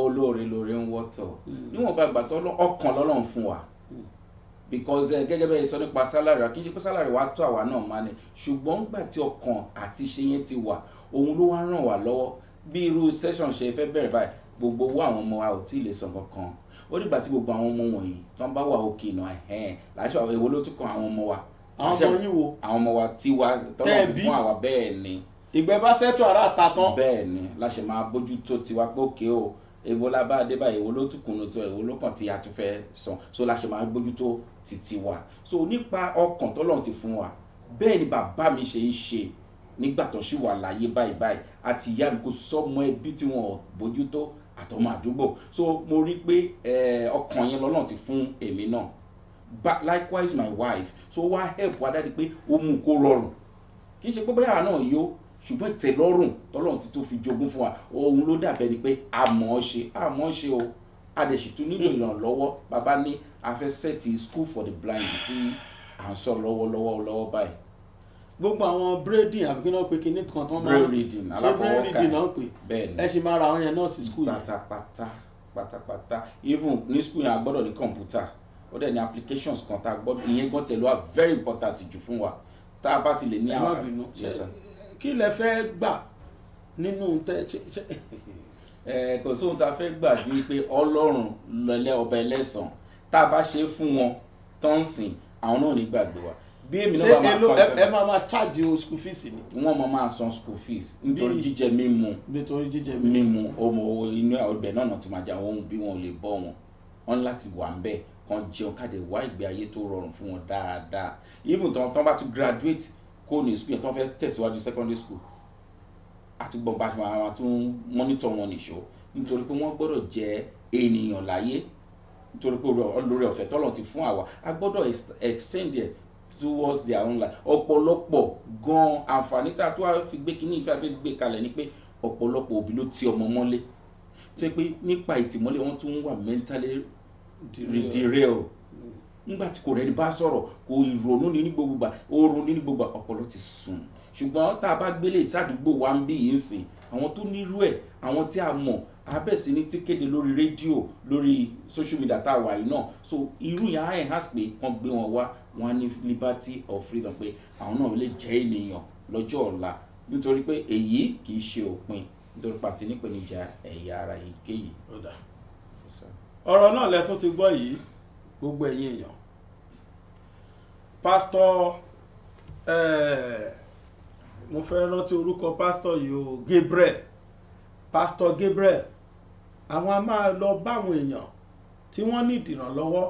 olóore lóore ń wọ́tọ̀ hmm. níwọ̀nba ìgbà tó ọkàn lọ́lọ́run fún wa hmm. because uh, gẹ́gẹ́ bẹ́ẹ̀ sọ nípa salary wa kì í ṣe pé salary wa tó àwa náà máa ní ṣùgbọ́n nígbà tí ọkàn àti ṣe yẹn ti wà òun ló wá ràn wá lọ́wọ́ bí irú session ṣe fẹ́ bẹ̀rẹ̀ báyìí gbogbo owó àwọn ọmọ wa ò tí ì lè san kankan ó dìgbà tí gbogbo àwọn ọmọ wọ̀nyí tó ń bá wà òkè náà ẹ̀hẹ́n láṣọ èwo ló tún kan àwọn ọmọ wa. àwọn ọmọ yìí wo. àwọn ọmọ wa ti wa tọ́lọ̀ fi fún àwa bẹ́ẹ̀ ni. ìgbẹ́ bá sẹ́tù ara ta tán. bẹ́ẹ̀ ni láṣẹ máa bójú tó tiwa pé òkè o èwo la bá dé báyìí èwo ló tún kùnú tó èwo ló kàn tí a tún fẹ́ san so láṣẹ máa bójú tó ti tiwa so nípa ọkàn tọ́lọ̀ ti fún wa nígbà tó wà láyé báyìí báyìí àti ìyá mi kò sọmọ ẹbí tí wọn ò bójútó àtọmọ àdúgbò so mo rí pé ọkàn yẹn lọ́nà ti fún èmi náà but likewise my wife so wá help wá dájú pé ó mú kó rọrùn kì í ṣe pé bóyá àwa náà yó ṣùgbọ́n ìtẹ́lọ́rùn tọ́lọ́run ti tó fi jogún fún wa òun ló dàbẹ́ ni pé a mọ̀ ṣe a mọ̀ ṣe o a dẹ̀ sì tún nílò hmm. ìrànlọ́wọ́ bàbá ní a fẹ́ school for the blind tí à ń sọ lọ́wọ́lọ́wọ́ lọ́wọ́ báyìí gbogbo àwọn braiding àbí kí náà pé kinní kan tán máa braid reading aláfọwọ́kà bẹ́ẹ̀ ni ẹ ṣe máa ra àwọn yẹn náà sí skul yẹn. pátápátá pátápátá even ní skul yẹn a gbọ́dọ̀ ní kọ̀ǹpútà ó dẹ̀ ní applications kan tá a gbọ́dọ̀ ìyẹn gan tẹ̀lé wa very important jù fún wa tá a bá ti lè ní àwọn. ẹ má bínú kí lẹ fẹ́ gbà nínú tẹ *laughs* eh, kò sóhun tá a fẹ́ gbà bíi pé ọlọ́run lọlẹ́ ọba ẹlẹ́sàn tá a bá ṣe fún wọn tọ́ǹsìn àwọn náà ní gbàgbé wa bí èmi náà bá máa kọ́ ẹ máa máa charge o school fees ni. wọ́n máa máa san school fees nítorí jíjẹ mímu nítorí jíjẹ mímu ọmọ inú ọbẹ̀ náà ti máa jà wọ́n bí wọn lè bọ́ wọn wọn láti wà ń bẹ̀ kan jẹun káde wá ìgbé ayé tó rọrùn fún wọn dáadáa even tán tán bá tún graduate kó ní school yẹn tán fẹ́ tẹ̀síwájú secondary school àtúgbọ̀n bá wọn tún monitor wọn nìṣó nítorí pé wọ́n gbọ́dọ̀ jẹ ènìyàn láyé nítorí pé olórí ọ̀fẹ́ tọ́lọ̀ ti fún àwa a gbọ́dọ̀ extend ẹ̀ towards their own life ọ̀pọ̀lọpọ̀ gan àǹfààní tá a tó wá fi gbé kínní ìfẹ́ àfẹ́ gbé kalẹ̀ ni pé ọ̀pọ̀lọpọ̀ òbí ló ti ọmọ mọ́lé tó pé nípa ìtìmọ́lé wọn tún wà mentally derailed mm. nígbà tí kò rẹ́ni bá sọ̀rọ̀ kò ìrònú ní ní gbogbo gbà oorun ní ní gbogbo gbà ọpọlọ ti sùn ṣùgbọ́n tá a bá gbélé ìsádùúgbò wa ń bí yìí ń sìn àwọn tó nírú ẹ̀ àwọn tí a mọ̀ abẹ́sí ní tí kéde lórí rédíò lórí social media tá a wà yìí náà so irú yẹn á enhance pé kàn gbé wọn wá wọ́n á ní liberty of freedom pé àwọn náà lè jẹ́ ènìyàn lọ́jọ́ ọ̀la nítorí pé èyí kì í ṣe òpin nítorí pàtí nípèníjà ẹ̀yà ara èyíkéyìí. ọ̀rọ̀ náà lẹ tún ti gbọ́ yìí gbogbo ẹ̀yin èèyàn pásítọ̀ mo fẹ́ rántí orúkọ pásítọ̀ yìí o Gabriel pásítọ̀ Gabriel àwọn a máa lọ báwọn èèyàn tí wọ́n ní ìdìrànlọ́wọ́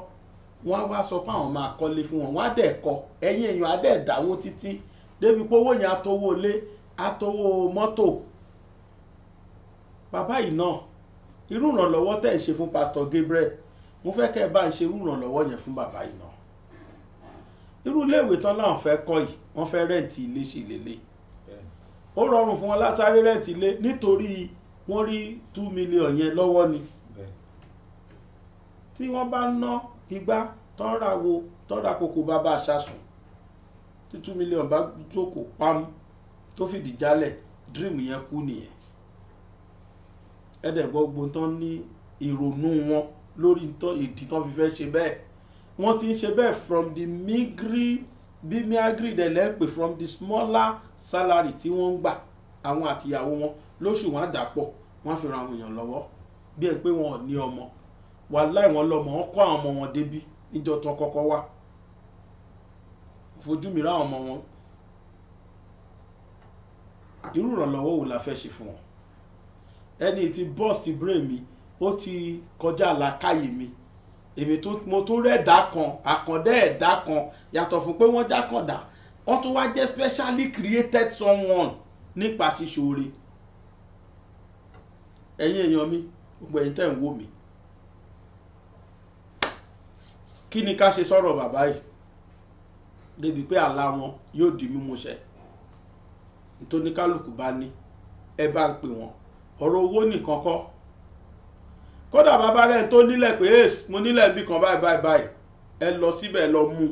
wọ́n á wá sọ pé àwọn máa kọ́lé fún wọn wọ́n á dẹ̀ kọ́ ẹ̀yìn èèyàn á dẹ̀ dáwó títí débi pé owó yẹn atowó ilé atowó mọ́tò bàbá yìí náà irú ìrànlọ́wọ́ tẹ̀ ń ṣe fún Pastor Gabriel mo fẹ́ kẹ́ ẹ bá ń ṣe irú ìrànlọ́wọ́ yẹn fún bàbá yìí náà irú iléèwé tán láwọn fẹ́ kọ́ yìí wọ́n fẹ́ rẹ́ǹtì ilé sí lélẹ̀ ó rọrùn fún wọn lásáré rẹ́ǹtì ilé nítorí wọ́n rí two million yẹn lọ́wọ́ ni tí wọ́n bá ná igbá tọ́ra wo tọ́ra koko bàbá aṣáṣùn tí two million bá jókòó pam tó fìdí jálẹ̀ dream yẹn kú nìyẹn ẹ̀dẹ̀ gbogbo tán ní ìrònú wọn lórí ìdí tán fi fẹ́ ṣe bẹ́ẹ̀ wọ́n ti ń ṣe bẹ́ẹ̀ from the migri bí miagri dẹ̀ lẹ́pẹ̀ from the smaller salary tí wọ́n ń gbà àwọn àtìyàwó wọn lóṣù wọn àdàpọ̀ wọ́n á fi ran àwọn èèyàn lọ́wọ́ bí ẹ pé wọn ò ní ọmọ wàláì wọn lọmọ wọn kọ́ àwọn ọmọ wọn débi níjọ tán kọ́kọ́ wá fojú mi ráwọn ọmọ wọn irú ìrànlọ́wọ́ wo la fẹ́ ṣe fún wọn ẹni tí bọ́ọ̀sì ti brain mi ó ti kọjá làákàyè mi èmi tó mo tó rẹ́ẹ̀dá kan àkàndẹ́ ẹ̀dá kan yàtọ̀ fún pé wọ́n jákàndá wọ́n tún wá jẹ́ specially created someone nípa ṣíṣe oore ẹ̀yin èèyàn mi gbogbo ẹ̀yin tẹ́ ń wò mí kí ni ká ṣe sọ̀rọ̀ bàbá yìí débi pé àlá wọn yóò di mímúṣẹ nítorí kálukú bá ní ẹ bá ń pè wọn ọ̀rọ̀ owó nìkan kọ́ kódà bàbá rẹ̀ tó nílẹ̀ pé ace mo nílẹ̀ bí kan báyìí báyìí báyìí ẹ lọ síbẹ̀ lọ mú un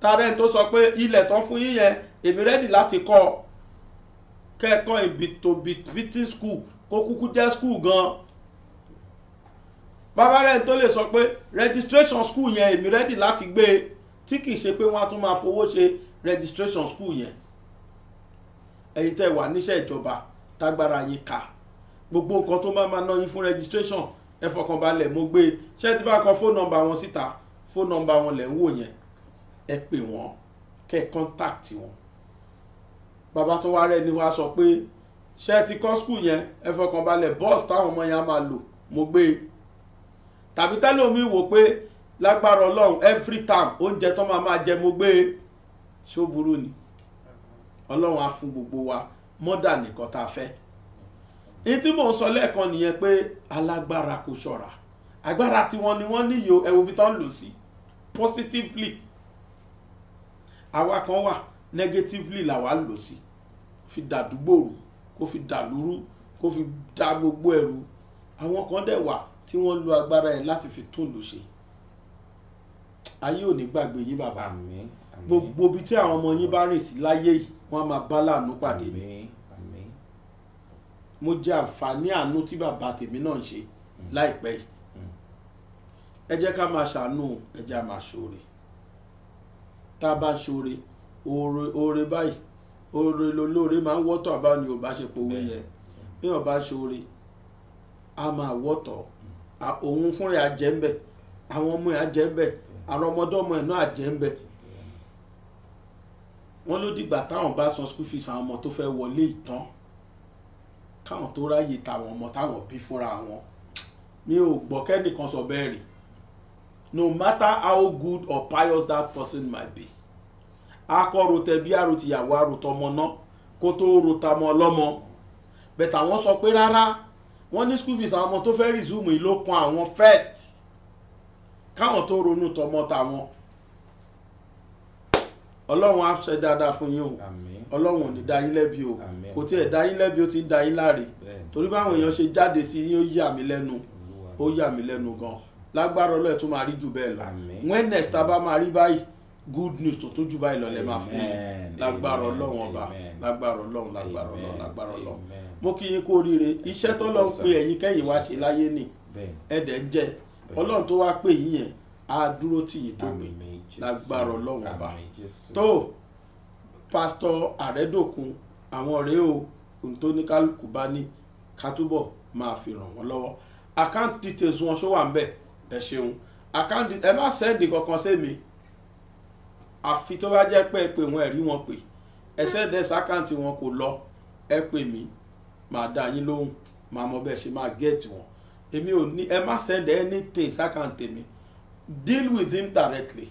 tààrẹ tó sọ pé ilẹ̀ tán fún yín yẹn èmi rẹ́dì láti kọ́ kẹ́ẹ̀kọ́ ìbìtòbìtì fitting school kó kúkú jẹ́ school gan-an bàbá rẹ̀ tó lè sọ pé registration school yẹn èmi rẹ́dì láti gbé e tí kì í ṣe pé wọ́n á tún máa fowó ṣe registration school yẹn ẹ̀yin tẹ́ wà níṣẹ́ ìjọba tágbára yín ká gbogbo nǹkan tó máa máa ná yín fún registration ẹ fọkànbalẹ̀ mo gbé e ṣé ti bá kọ fóònù nọ́mbà wọn síta fóònù nọ́mbà wọn lẹ̀ ń wò yẹn ẹ pè wọ́n kẹ́ ẹ contact wọn bàbá tó wá rẹ̀ ni wàá sọ pé ṣé ti kọ́ school yẹn ẹ fọkànbalẹ̀ bọ́ọ̀sì táwọn ọmọ yẹn á máa lò mo gbé e tàbí tẹ́lómi wò pé lágbára ọlọ́run every time oúnjẹ tó máa máa jẹ mo gbé e. ṣó burú ni ọlọ́run á fún gbogbo wa mọ́dà nìkan tá a fẹ́ ní tí mò ń sọ lẹ́ẹ̀kan nìyẹn pé alágbára kò ṣọ́ra agbára tiwọn ni wọ́n níyò ẹ̀wò bí tán lò sí positively àwa kan wà negatively làwa lò sí fi dàdúgbò rú kó fi dàlúrú kó fi dà gbogbo ẹ̀rú àwọn kan dẹ̀ wà tí wọ́n lo agbára yẹn láti fi tún lù ṣe ayé ò ní gbàgbé yín bàbá gbogbo ibi tí àwọn ọmọ yín bá rìn sí láyé yìí wọ́n á máa bá láàánú pàdé ni mo jẹ àǹfààní àánú tí bàbá tèmi náà ń ṣe mm. láìpẹ́ yìí mm. ẹ jẹ́ ká máa ṣàánú ẹ jẹ́ máa ṣoore tá a bá ṣoore oore báyìí oore lolóore máa ń wọ́tọ̀ àbáwọn ni ò mm. bá ṣe powó yẹn bí wọ́n bá ṣoore a máa wọ́tọ̀ ọ́ òun fúnra àjẹ́ ń bẹ̀ àwọn ọmọ ẹ̀ àjẹ́ ń bẹ̀ àwọn ọmọdọ́mọ ẹ̀ náà àjẹ́ ń wọ́n ló dìgbà táwọn bá san school fees àwọn ọmọ tó fẹ́ wọlé ìtàn káwọn tó ráyè táwọn ọmọ táwọn bí fúnra wọn mi ò gbọ́ kẹ́nìkan sọ bẹ́ẹ̀ rí no matter how good or pious that person might be akọ rotẹ bí arotìyàwó arotọmọ náà kó tó rotàmọ ọlọ́mọ bẹ̀tà wọ́n sọ pé rárá wọ́n ní school fees àwọn ọmọ tó fẹ́ resume yìí ló kan àwọn first káwọn tó ronú tọmọ tàwọn ọlọ́run á ṣe dáadáa fún yín o ọlọ́run ò ní dá yín lẹ́bi o kò tiẹ̀ dá yín lẹ́bi ó ti ń dá yín láre torí báwọn èèyàn ṣe jáde sí yín ó yà mí lẹ́nu ó yà mí lẹ́nu gan lágbára ọlọ́ọ̀ tó máa rí jù bẹ́ẹ̀ lọ wellness tá a bá máa rí báyìí good news tó tún jù báyìí lọ lẹ́ máa fún mi lágbára ọlọ́run ọba lágbára ọlọ́run lágbára ọlọ́run lágbára ọlọ́run mo kí yín kú oríire iṣẹ́ tọ́lọ́ ń pe ẹ̀yin kẹ́yìn wá ṣe láyé ni ẹ̀dẹ̀ ń jẹ́ ọlọ́run tó wá pè yín yẹn á dúró tì yín tó gbé lágbára ọlọ́run ọba tó pásítọ̀ àrẹ́dòkun àwọn ọ̀rẹ́ o ohun tó ní kálukú bá ní ká túbọ̀ máa fi ràn wọ́n lọ́wọ́ account details wọn ṣó wà ń bẹ̀ ẹ ṣeun account ẹ má sẹ́ndì kankan sẹ́mi àfi tó bá jẹ́ pé ẹ pè wọ́n ẹ̀rí wọn pè ẹ sẹ́ndẹ̀ẹ́sì account wọn kò lọ ẹ pè mí máa dá yín lóhùn máa mọ bẹ́ẹ̀ ṣe máa gẹ́ẹ̀tì wọn èmi ò ní ẹ má send anything sákàǹtì mi deal with him directly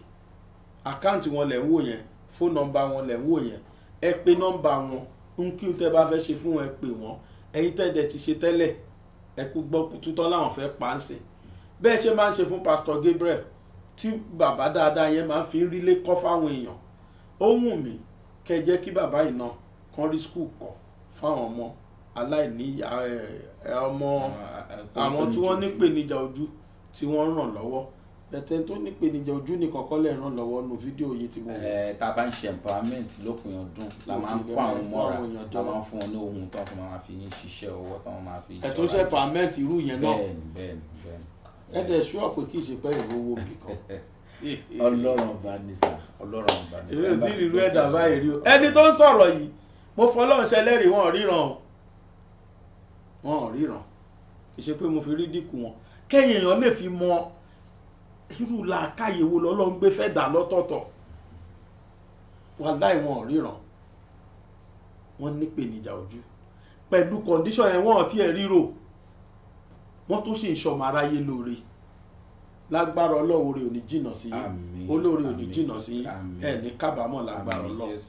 àkáǹtì wọn lẹ̀ ń wò yẹn Phone number wọn lẹ̀ ń wò yẹn ẹ pè nọ́mbà wọn ń kí tẹ bá fẹ́ ṣe fún wọn ẹ pè wọ́n ẹ̀yin tẹ́ẹ̀dẹ̀ ti ṣe tẹ́lẹ̀ ẹ kú gbọ́ tuntun láwọn fẹ́ pa á sìn bẹ́ẹ̀ ṣe máa ń ṣe fún Pastor Gabriel tí bàbá dáadáa yẹn máa ń fi rílé kọ́ fáwọn èèyàn ó wù mí kẹ́ jẹ́ kí bàbá yìí náà kan rí skul kọ́ fáwọn ọmọ aláìní ọmọ àwọn tí wọ́n nípèníjà ojú tí wọ́n ń ràn lọ́wọ́ bẹ̀tẹ̀ tó nípèníjà ojú nìkan kọ́ lè ràn lọ́wọ́ nù fídíò yìí ti mo wò. ẹ tá a bá ń ṣe empowerment lópin ọdún la máa ń kó àwọn mọ́ra la máa ń fún wọn ní ohun tó wọn máa fi ń ṣiṣẹ́ ọwọ́ tó wọn máa fi. ẹ tó ṣe empowerment irú yẹn náà bẹ́ẹ̀ni bẹ́ẹ̀ni bẹ́ẹ̀ni. ẹ tẹ ṣú àpò kí ìṣèpẹ́ ìrówó bì kan. *laughs* ọlọ́run ọba ní sà ọlọ́run ọba ní sà. èyí ò tí ì rí ẹ̀dá báyìí rí o ẹni tó ń sọ̀rọ̀ yìí mo fọlọ́run ṣẹlẹ́rìí wọn ríran o wọn ò ríran kì í ṣe pé mo fi rí dínkù wọn kẹ́yìn èèyàn lè fi mọ irú làákàyè wo lọ́lọ́run gbé fẹ́ dà lọ́tọ̀ọ̀tọ̀ wàláì wọn ò ríran wọn nípèníjà ojú pẹ̀lú kọ̀ǹdíṣọ̀n yẹn wọn ò tiẹ̀ ríro wọ́n tún sì ń sọmọ aráyé lóore lágbára ọlọ́ọ̀rẹ́ ò ní jìnnà sí yín olóore ò ní jìnnà sí yín ẹ̀ ní kábàámọ̀ lágbára ọlọ́ọ̀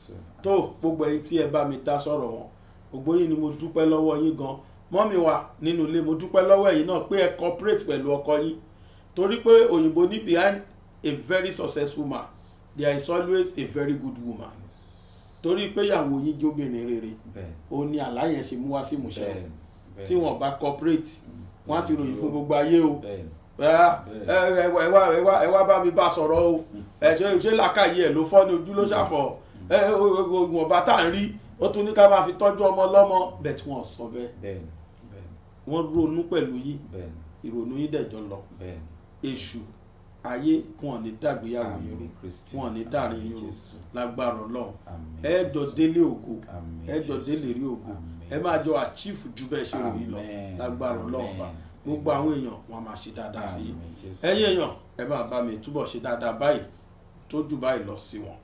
tó gbogbo ẹ̀yin tí ẹ bá mi dá sọ̀rọ̀ wọn gbogbo yín ni mo dúpẹ́ lọ́wọ́ yín gan-an mọ́mì wa nínú ilé mo dúpẹ́ lọ́wọ́ ẹ̀yin náà pé ẹ cooperate pẹ̀lú ọkọ yín torí pé òyìnbó ní behind a very successful man there is always a very good woman torí pé ìyàwó yín jóbìnrin rere òun ni àlàyé ṣe mú wá sí ìmúṣẹ tí wọn bá cooperate wọn á ti ròyìn fún gbogbo ayé o ẹ wá bá mi bá sọ̀rọ̀ o ẹ ṣe làákàyè ẹ ló fọ́ ní ojú ló ṣàfọ̀ oògùn ọba tá à ń rí ó tún ní ká máa fi tọ́jú ọmọ lọ́mọ bẹ̀ tí wọ́n sọ bẹ́ẹ̀ wọ́n ronú pẹ̀lú yín ìrònú yín dẹ̀jọ́ lọ èṣù ayé wọn ò ní dàgbéyàwó yín rú wọn ò ní dàrin yín rú lágbára Ọlọ́run ẹ jọ délé ògo ẹ jọ délé rí ògo ẹ máa jọ àchífù ju bẹ́ẹ̀ ṣe ròyìn lọ lágbára Ọlọ́run bá gbogbo àwọn èèyàn wọn máa ṣe dáadáa sí i ẹ̀yin èèyàn ẹ máa bá mi túbọ̀ ṣe dáadáa báyìí tó jù báyìí lọ sí wọn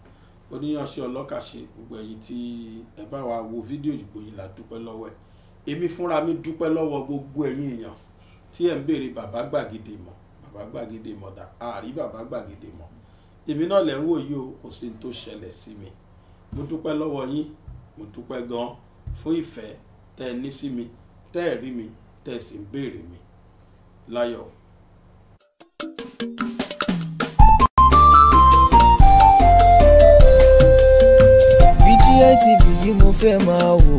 oníyanṣẹ́ ọlọ́kàṣe gbogbo ẹ̀yin tí ẹ bá wa wo fídíò ìgbòyìn la lọ́wọ́ ẹ̀ èmi fúnra mi dúpẹ́ lọ́wọ́ gbogbo ẹ̀yin èèyàn tí ẹ̀ ń béèrè bàbá gbàgede mọ̀ bàbá gbàgede mọ̀ dà àárí bàbá gbàgede mọ̀ èmi náà lẹ́ ń wò yìí o kò sí tó ṣẹlẹ̀ sí mi mo dúpẹ́ lọ́wọ́ yín mo dúpẹ́ gan fún ìfẹ́ tẹ́ ẹ ní sí mi tẹ́ ẹ rí mi tẹ́ ẹ sì ń béèrè mi láyọ̀. BGI TV yìí mo fẹ́ máa wò